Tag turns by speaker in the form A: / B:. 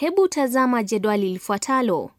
A: Hebu tazama jedwali lifuatalo.